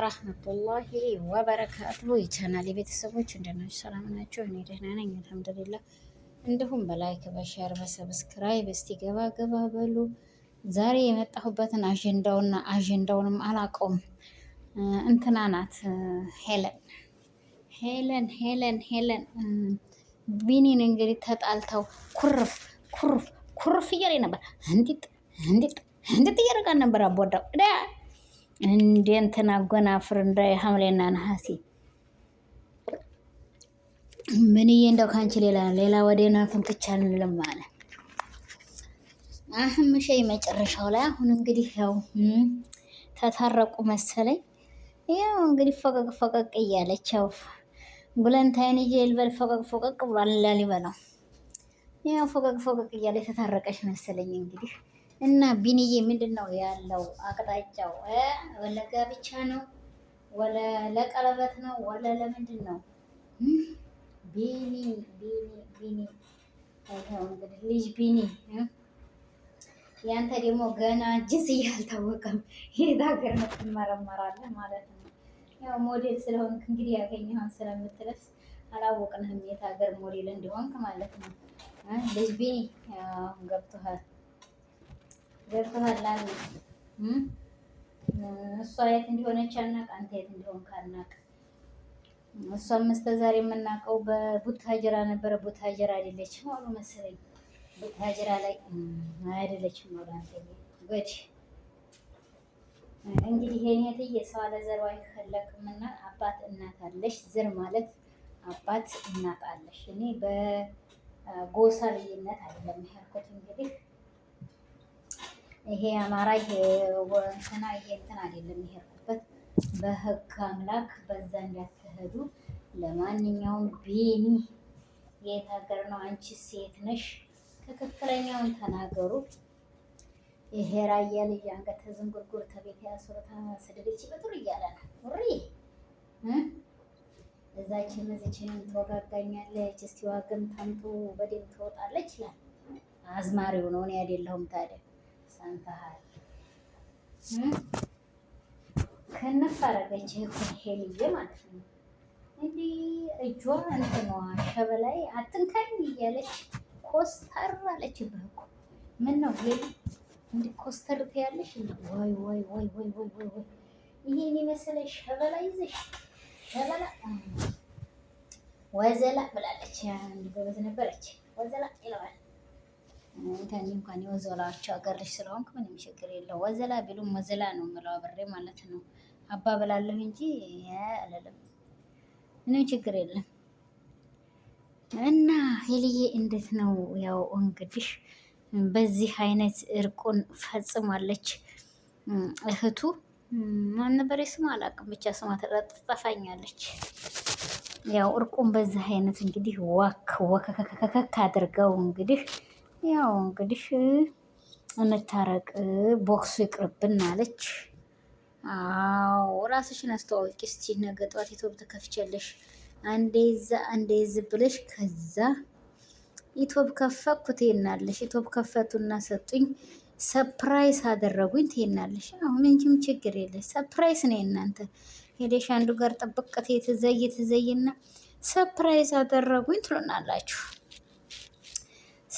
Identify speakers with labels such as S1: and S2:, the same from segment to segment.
S1: ወረህመቱላሂ ወበረካቱ የቻናል የቤተሰቦች እንደናችሁ ሰላም ናቸው። እኔ ደህና ነኝ አልሐምዱሊላህ። እንዲሁም በላይክ በሸር በሰብስክራይብ እስቲ ገባ ገባ በሉ። ዛሬ የመጣሁበትን አጀንዳውና አጀንዳውንም አላውቀውም። እንትና ናት ሄለን ሄለን ሄለን ሄለን ቢኒን እንግዲህ ተጣልተው ኩርፍ ኩርፍ ኩርፍ እያለኝ ነበር። እንዲጥ እንዲጥ እንዲጥ እያደረጋን ነበር አቦዳው እንደ እንትን አጎናፍር እንደ ሐምሌና ነሐሴ ምንዬ እንደው ካንቺ ሌላ ሌላ ወደ ናፍን ለማለ አለ አህምሻ መጨረሻው ላይ አሁን እንግዲህ ያው ተታረቁ መሰለኝ። ያው እንግዲህ ፈቀቅ ፈቀቅ እያለች ያው ጉለንታይን ይዤ ልበል ፈቀቅ ፈቀቅ ብሏል ላሊበላው ያው ፈቀቅ ፈቀቅ እያለች ተታረቀች መሰለኝ እንግዲህ እና ቢንዬ ምንድን ነው ያለው አቅጣጫው? ወለጋ ብቻ ነው ወለ ለቀለበት ነው ወለ ለምንድን ነው? ቢኒ ቢኒ ቢኒ እንግዲህ ልጅ ቢኒ ያንተ ደግሞ ገና ጅስ እያልታወቀም የት ሀገር ነው ትመረመራለህ ማለት ነው። ያው ሞዴል ስለሆንክ እንግዲህ ያገኘህን ስለምትለብስ አላወቅንህም የት ሀገር ሞዴል እንደሆንክ ማለት ነው። ልጅ ቢኒ አሁን ገብቶሃል። ዘርፈሃል። እሷ የት እንዲሆነች አናቅ፣ አንተ የት እንዲሆን ካናቅ። እሷም እስተዛሬ የምናውቀው በቡታጅራ ነበረ። ቡታጅራ አይደለችም አሉ መሰለኝ። ቡታጅራ ላይ አይደለችም አሉ። አንተ ወዲህ እንግዲህ የኔ እህትዬ ሰው አለ ዘር አይፈለቅም እና አባት እናት አለሽ። ዘር ማለት አባት እናት አለሽ። እኔ በጎሳ ልዩነት አይደለም ያልኩት እንግዲህ ይሄ አማራ ይሄ ወንትና ይሄ እንትን አይደለም የሄድኩበት በህግ አምላክ በዛ እንዳትሄዱ። ለማንኛውም ቢኒ የት ሀገር ነው? አንቺ ሴት ነሽ፣ ትክክለኛውን ተናገሩ። ይሄ ራያ ልጅ አንገት ዝንጉርጉር ተቤት ያስሮታ ስድብች በጥሩ እያለ ነው ውሪ እዛችን እዚችን ትወጋጋኛለች። እስቲ ዋግም ታምጡ በደም ትወጣለች ይላል። አዝማሪው ነው እኔ አይደለሁም ታዲያ ጸንተሃል። ክንፍ አደረገችህ እኮ ሄልዬ ማለት ነው። እንዲህ እጇ እንትኗ ሸበላይ አትንካኝ እያለች ኮስተር አለችብህ እኮ። ምን ነው ሄሊ እንዲህ ኮስተር ትያለሽ? ወይ ወይ ወይ ወይ ወይ ወይ ወይ ይሄን የመሰለ ሸበላ ይዘሽ ሸበላ ወዘላ ብላለች። አንድ ጎበዝ ነበረች። ወዘላ ይለዋል ተኒ እንኳን የወዘላቸው ሀገር ልጅ ስለሆንክ ምንም ችግር የለው። ወዘላ ቢሉም ወዘላ ነው የምለው አብሬ ማለት ነው። አባብላለሁ እንጂ አለለም። ምንም ችግር የለም። እና ሄልዬ እንዴት ነው? ያው እንግዲህ በዚህ አይነት እርቁን ፈጽማለች እህቱ። ማን ነበር ስሙ አላውቅም፣ ብቻ ስማ ትጠፋኛለች። ያው እርቁን በዚህ አይነት እንግዲህ ዋክ ወከከከከክ አድርገው እንግዲህ ያው እንግዲህ እንታረቅ፣ ቦክሱ ይቅርብን አለች። አዎ ራስሽን አስተዋወቂ እስቲ። ነገ ጠዋት ዩቲዩብ ትከፍቻለሽ፣ አንዴዛ አንዴዝ ብለሽ ከዛ ኢትዮብ ከፈኩ ትሄናለሽ። ኢትዮብ ከፈቱና ሰጡኝ፣ ሰፕራይዝ አደረጉኝ ትሄናለሽ። አሁን እንጂም ችግር የለሽ። ሰፕራይዝ ነው እናንተ ሄደሽ አንዱ ጋር ጠብቀት የተዘይ የተዘይና ሰፕራይዝ አደረጉኝ ትሉናላችሁ።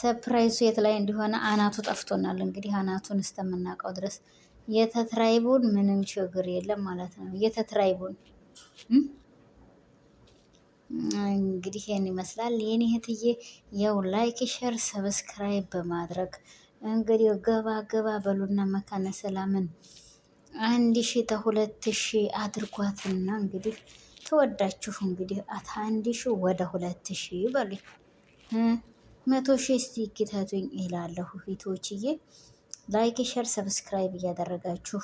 S1: ሰፕራይሱ የት ላይ እንደሆነ አናቱ ጠፍቶናል። እንግዲህ አናቱን እስከምናውቀው ድረስ የተትራይቡን ምንም ችግር የለም ማለት ነው። የተትራይቡን እንግዲህ ይህን ይመስላል። የኔ እህትዬ የው ላይክ፣ ሸር፣ ሰብስክራይብ በማድረግ እንግዲህ ገባ ገባ በሉና መካነ ሰላምን አንድ ሺ ተሁለት ሺ አድርጓትና እንግዲህ ተወዳችሁ እንግዲህ አት አንድ ሺ ወደ ሁለት ሺ በሉኝ። መቶ ሺህ እስቲ ግተቱኝ ይላለሁ። ፊቶችዬ ላይክ፣ ሸር፣ ሰብስክራይብ እያደረጋችሁ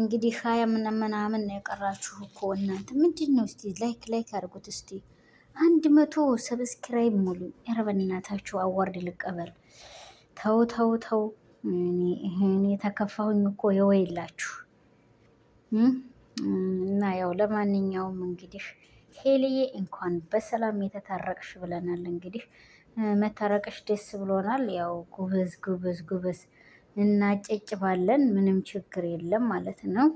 S1: እንግዲህ ሀያ ምናምን ነው የቀራችሁ እኮ እናንተ ምንድን ነው? እስቲ ላይክ ላይክ አድርጉት እስቲ አንድ መቶ ሰብስክራይብ ሙሉ ረበናታችሁ አዋርድ ልቀበል። ተው ተው ተው፣ እኔ ተከፋሁኝ እኮ የወይላችሁ እና ያው ለማንኛውም እንግዲህ ሄልዬ እንኳን በሰላም የተታረቅሽ ብለናል እንግዲህ መታረቅሽ ደስ ብሎናል። ያው ጉበዝ ጉበዝ ጉበዝ እናጨጭባለን፣ ምንም ችግር የለም ማለት ነው።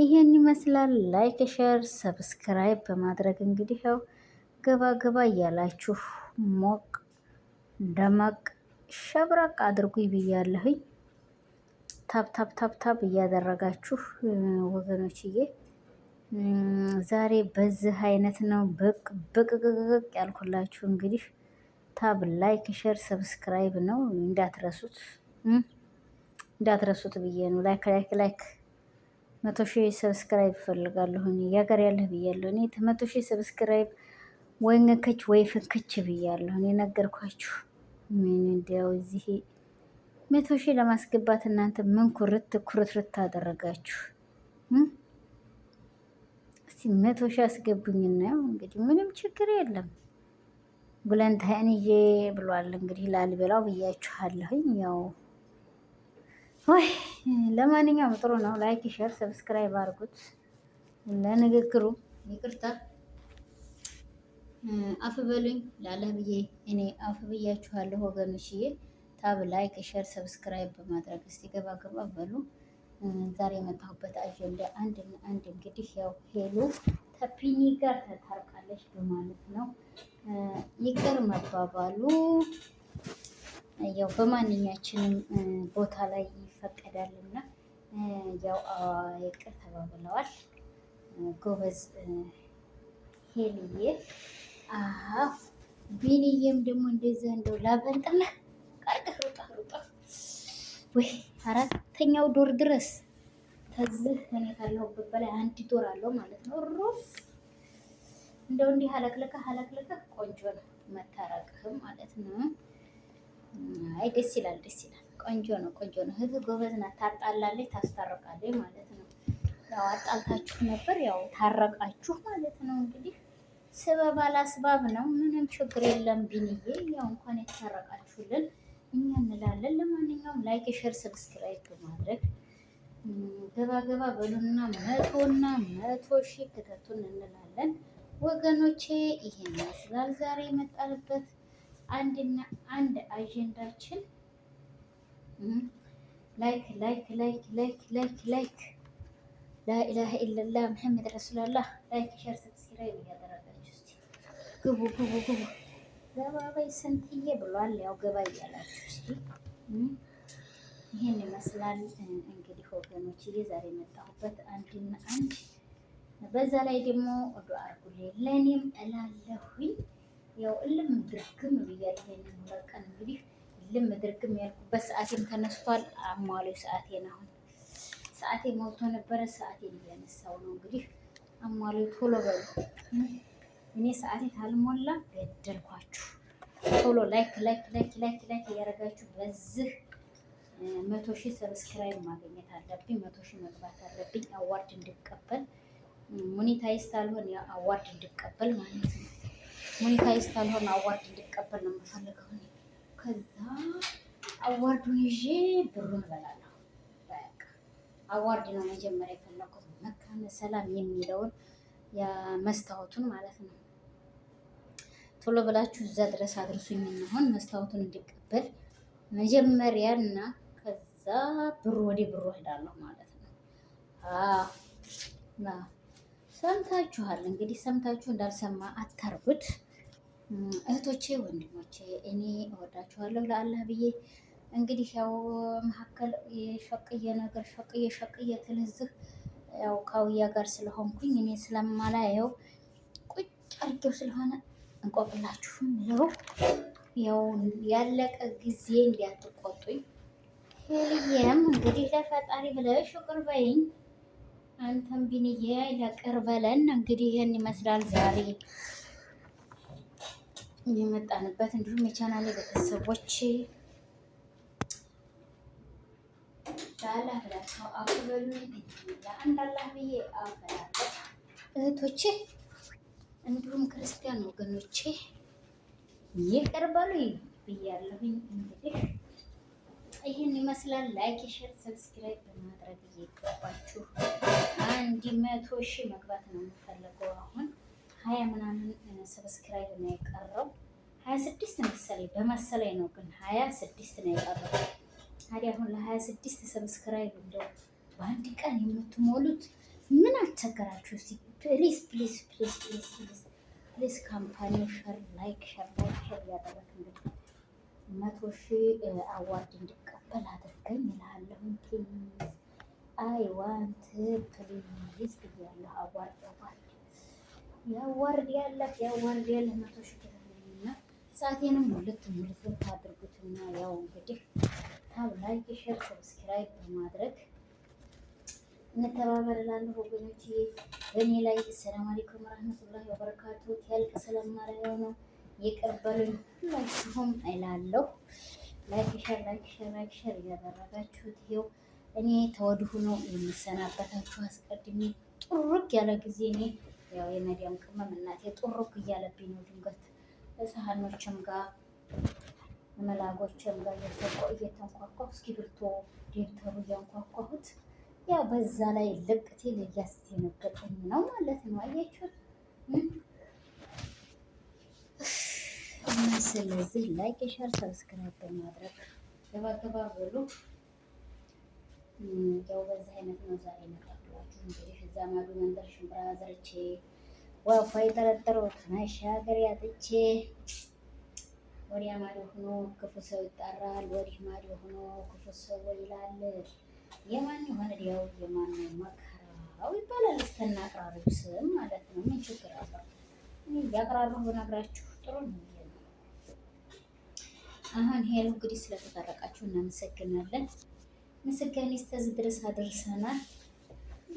S1: ይሄን ይመስላል። ላይክ፣ ሼር፣ ሰብስክራይብ በማድረግ እንግዲህ ያው ገባ ገባ እያላችሁ ሞቅ ደመቅ ሸብረቅ አድርጉ ብያለሁኝ። ታብ ታብ ታብ ታብ እያደረጋችሁ ወገኖችዬ ዛሬ በዚህ አይነት ነው ብቅ ብቅ ያልኩላችሁ። እንግዲህ ታብ፣ ላይክ፣ ሸር፣ ሰብስክራይብ ነው እንዳትረሱት እንዳትረሱት ብዬ ነው። ላይክ ላይክ ላይክ መቶ ሺህ ሰብስክራይብ እፈልጋለሁ። ያገር ያለህ ብያለሁ እኔ መቶ ሺህ ሰብስክራይብ ወይ ንክች ወይ ፍንክች ብያለሁ እኔ ነገርኳችሁ። ምን እንዲያው እዚህ መቶ ሺህ ለማስገባት እናንተ ምን ኩርት ኩርትርት አደረጋችሁ? እስቲ መቶ ሺህ አስገቡኝና እንግዲህ ምንም ችግር የለም ብለን ብሏል። እንግዲህ ላልበላው ብያችኋለሁኝ። ያው ወይ ለማንኛውም ጥሩ ነው። ላይክ ሸር፣ ሰብስክራይብ አድርጉት። ለንግግሩ ይቅርታ አፍ በሉኝ ላለህ ብዬ እኔ አፍ ብያችኋለሁ ወገኖችዬ። ታብ ላይክ ሸር፣ ሰብስክራይብ በማድረግ እስቲ ገባ ገባ በሉ። ዛሬ የመጣሁበት አጀንዳ አንድና አንድ እንግዲህ ያው ሄሉ ከፒኒ ጋር ተታርቃለች በማለት ነው። ይቅር መባባሉ ያው በማንኛችንም ቦታ ላይ ይፈቀዳልና ያው ይቅር ተባብለዋል። ጎበዝ ሄልዬ። ቢንዬም ደግሞ እንደዛ እንደው ላበንጥላ ቀርቅር ወይ አራተኛው ዶር ድረስ ተዝህ እኔ ካለሁበት በላይ አንድ ዶር አለው ማለት ነው። ሩፍ እንደው እንዲህ አለቅልቀህ አለቅልቀህ ቆንጆ ነው መታረቅህም ማለት ነው። አይ ደስ ይላል፣ ደስ ይላል። ቆንጆ ነው፣ ቆንጆ ነው። ህግ ጎበዝ ናት። ታጣላለች፣ ታስታርቃለች ማለት ነው። ያው አጣልታችሁ ነበር፣ ያው ታረቃችሁ ማለት ነው። እንግዲህ ስበብ አላስባብ ነው። ምንም ችግር የለም። ቢንዬ ያው እንኳን የታረቃችሁልን እኛ እንላለን። ለማንኛውም ላይክ፣ ሼር፣ ሰብስክራይብ በማድረግ ገባ ገባ በሉና መቶና መቶ ሺህ ክተቱን እንላለን ወገኖቼ። ይሄን ይመስላል ዛሬ የመጣልበት አንድና አንድ አጀንዳችን ላይክ ላይክ ላይክ ላይክ ላይክ ላይክ ላኢላሀ ኢለላህ ሙሐመድ ረሱላላህ ላይክ ሼር ሰብስክራይብ እያደረጋችሁ ግቡ ግቡ ግቡ። ገባበይ ስንትዬ ብሏል። ያው ገባ እያላችሁ እስኪ ይህን ይመስላል እንግዲህ ወገኖችዬ፣ ዛሬ የመጣሁበት አንድና አንድ በዛ ላይ ደግሞ ዶ አርጉሌ ለእኔም እላለሁኝ። ያው እልም ድርግም ብያለሁ። ይሄንን ሁለት እንግዲህ እልም ድርግም ያልኩበት ሰዓቴም ተነስቷል። አሟሌ ሰዓቴን አሁን ሰዓቴ ሞልቶ ነበረ። ሰዓቴን እያነሳው ነው እንግዲህ አሟሌ ቶሎ በሉ እኔ ሰዓቴ ካልሞላ ገደልኳችሁ። ቶሎ ላይክ ላይክ ላይክ ላይክ ላይክ እያደረጋችሁ በዚህ መቶ ሺህ ሰብስክራይብ ማግኘት አለብኝ። መቶ ሺህ መግባት አለብኝ አዋርድ እንድቀበል ሞኔታይዝ ታልሆን አዋርድ እንድቀበል ማለት ነው። ሞኔታይዝ ታልሆን አዋርድ እንድቀበል ነው የምፈልገው። ከዛ አዋርዱን ይዤ ብሩን እበላለሁ። አዋርድ ነው መጀመሪያ የፈለኩት መካነ ሰላም የሚለውን የመስታወቱን ማለት ነው። ቶሎ ብላችሁ እዛ ድረስ አድርሱኝ። አሁን መስታወቱን እንዲቀበል መጀመሪያ እና ከዛ ብሩ ወደ ብሩ እሄዳለሁ ማለት ነው። ሰምታችኋል እንግዲህ ሰምታችሁ እንዳልሰማ አታርጉት። እህቶቼ ወንድሞቼ፣ እኔ እወዳችኋለሁ ለአላህ ብዬ እንግዲህ ያው መካከል የሸቅየ ነገር ሸቅየ ሸቅየ ትልዝህ ያው ካውያ ጋር ስለሆንኩኝ እኔ ስለማላየው ቁጭ አድርጌው ስለሆነ እንቆቅላችሁም ለው ያው ያለቀ ጊዜ እንዲያትቆጡኝ ይህም እንግዲህ ለፈጣሪ ብለሽ ሽቅር በይኝ። አንተም ቢንዬ ለቅር በለን። እንግዲህ ይህን ይመስላል ዛሬ የመጣንበት እንዲሁም የቻናሌ ቤተሰቦች አላህ ብላችሁ አክበሉ። አንድ አላህ ብዬ አፈላለሁ እህቶቼ፣ እንዲሁም ክርስቲያን ወገኖቼ ይቅር በሉ ብያለሁኝ። እንግዲህ ይህን ይመስላል። ላይክ፣ ሼር፣ ሰብስክራይብ በማድረግ እየገባችሁ አንድ መቶ ሺህ መግባት ነው የምፈልገው። አሁን ሀያ ምናምን ሰብስክራይብ ነው የቀረው ሀያ ስድስት መሰለኝ በመሰለኝ ነው ግን ሀያ ስድስት ነው የቀረው። ታዲያ አሁን ለሀያ ስድስት ሰብስክራይብ እንደው በአንድ ቀን የምትሞሉት ምን አቸገራችሁ? እስኪ ፕሊስ ፕሊስ ፕሊስ ፕሊስ ፕሊስ ፕሊስ ካምፓኒው ሸር ላይክ ሸር ላይክ ሸር ያደረግ እንደ መቶ ሺህ አዋርድ እንዲቀበል አድርገኝ ይልሃለሁን ፕሊዝ አይ ዋንት ፕሊዝ ብያለሁ። አዋርድ አዋርድ ያዋርድ ያለህ ያዋርድ ያለህ መቶ ሺህ ብር እና ሰዓቴንም ሁለት ሁለት አድርጉትና ያው እንግዲህ ታብ ላይክ፣ ሼር፣ ሰብስክራይብ በማድረግ እንተባበርላለን ወገኖች። በእኔ ላይ ሰላም አለይኩም ወራህመቱላሂ ወበረካቱ ያልቅ ስለማለው ነው የቀበሉኝ ሁላችሁም እላለሁ። ላይክ ሼር ላይክ ሼር ላይክ ሼር እያደረጋችሁት ይኸው እኔ ተወድሁ ነው የምሰናበታችሁ። አስቀድሜ ጥሩቅ ያለ ጊዜ እኔ ያው የመዲያም ቅመም እናቴ ጥሩቅ እያለብኝ ነው ድንገት ሰሃኖችም ጋር መላጎችም ጋር እየተንኳኳሁ እስክሪብቶ ዲሬክተሩ እያንኳኳሁት ያው በዛ ላይ ልቅቴ እያስደነገጠኝ ነው ማለት ነው። አያችሁት? ስለዚህ ላይክ፣ ሸር፣ ሰብስክራይብ በማድረግ ገባገባ በሉ። ያው በዚህ አይነት ነው ዛሬ መጣላችሁ። እንግዲህ እዛ ማዶ መንበር ሽምብራ ዘርቼ ወፋ የጠረጠረው ትናሽ ጥቼ ወዲያ ማዶ ሆኖ ክፉ ሰው ይጣራል፣ ወዲህ ማዶ ሆኖ ክፉ ሰው ይላል። የማን የሆነ ዲያው የማን መከራው ይባላል። እስተና አቅራሪው ስም ማለት ነው። ምን ችግር አለው? ያቅራሪው ብነግራችሁ ጥሩ ነው። አሁን ሄሎ፣ እንግዲህ ስለተጠረቃችሁ እናመሰግናለን። ምስጋኔ እስከዚህ ድረስ አድርሰናል።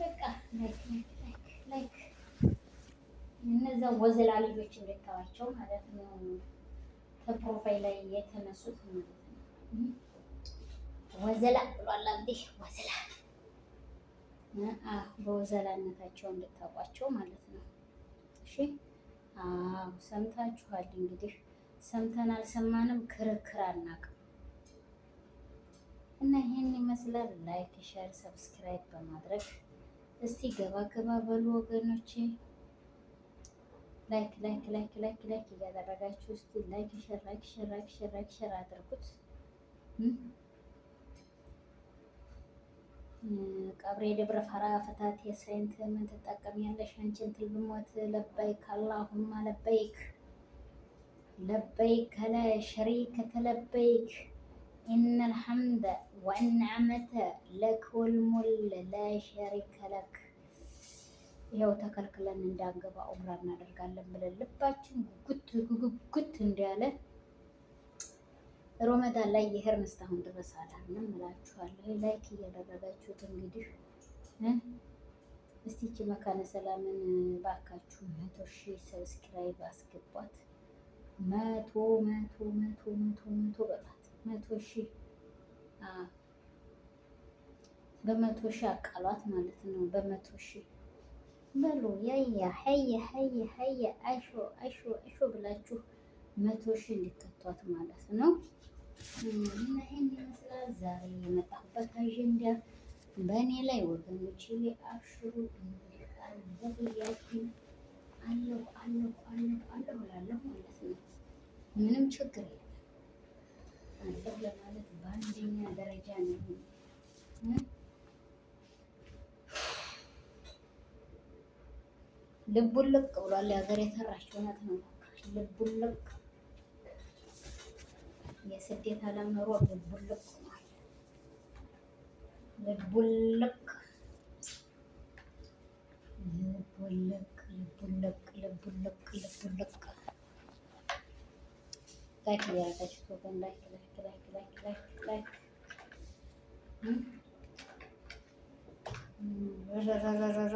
S1: በቃ ላይክ ላይክ ላይክ እነዛ ወዘላ ልጆች እንደታዋቸው ማለት ነው። ከፕሮፋይል ላይ የተነሱት ማለት ነው። ወዘላ ብሏል እንዲህ ወዘላ በወዘላነታቸው እንድታውቋቸው ማለት ነው። እሺ አዎ ሰምታችኋል። እንግዲህ ሰምተን አልሰማንም ክርክር አናውቅም። እና ይህን ይመስላል። ላይክ፣ ሸር፣ ሰብስክራይብ በማድረግ እስቲ ገባ ገባ በሉ ወገኖቼ። ላይክ ላይክ ላይክ ላይክ ላይክ እያደረጋችሁ እስቲ ላይክ ሼር ላይክ ሼር ላይክ ሼር ላይክ ሼር አድርጉት። ቀብሬ ደብረ ፈራ ፍታት የሳይንት ምን ትጠቀሚያለሽ? አንቺ እንትን ብሞት ለበይክ አላሁማ ለበይክ ለበይክ ላ ሸሪከ ለበይክ ኢነ አልሐምደ ወአንዓመተ ለክ ወልሙል ላ ሸሪከ ለክ ይኸው ተከልክለን እንዳንገባ ኡምራ እናደርጋለን ብለን ልባችን ጉጉት ጉጉጉት እንዳለ ሮመዳን ላይ የሄርን እስካሁን ድረስ አላልንም እላችኋለሁ። ላይክ እያደረጋችሁት እንግዲህ እስቲ ይቺ መካነ ሰላምን ባካችሁ መቶ ሺህ ሰብስክራይብ አስገቧት። መቶ መቶ መቶ መቶ መቶ በጣት መቶ ሺህ በመቶ ሺህ አቃሏት ማለት ነው። በመቶ ሺህ በሉ ያያ ሀየ ሀየ ሀየ አሾ አሾ አሾ ብላችሁ መቶ ሺህ እንድትከቷት ማለት ነው። እና ይህን ይመስላል ዛሬ የመጣሁበት አጀንዳ በእኔ ላይ ወገኖች፣ አብሽሩ በብያችን አለሁ አለሁ አለሁ አለሁ እላለሁ ማለት ነው። ምንም ችግር የለም አለሁ ለማለት በአንደኛ ደረጃ ነው። ልቡን ልቅ ብሏል። የሀገር የተራች ነው ልቡን ልቅ የስደት ዓለም ኑሮ ልቡን ልቅ ሆኗል። ልቡን ልቅ ልቡን ልቅ ልቡን ልቅ ልቡን ልቅ ልቡን ልቅ ላይክ እያደረጋችሁ ወገን ላይክ ላይክ ላይክ ላይክ ላይክ ላይክ ረረረረረ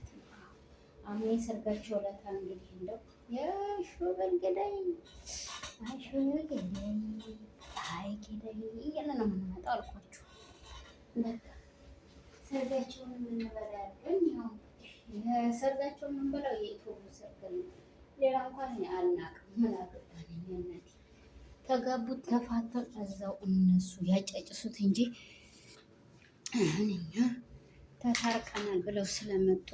S1: አሁን የሰርጋቸው ዕለት እንግዲህ እንደው የሾበል ገዳይ አይ ሾበል አይ ገዳይ እያለ ነው የምንመጣው አልኳችሁ። በቃ ሰርጋቸውን የምንበላ ያው ሰርጋቸውን የምንበላው የኢትዮጵያ ሰርግ ነው። ሌላ እንኳን አልናቅም። ምን አገባን እኔነት ተጋቡት ተፋተው እዛው እነሱ ያጨጭሱት እንጂ እኛ ተታርቀናል ብለው ስለመጡ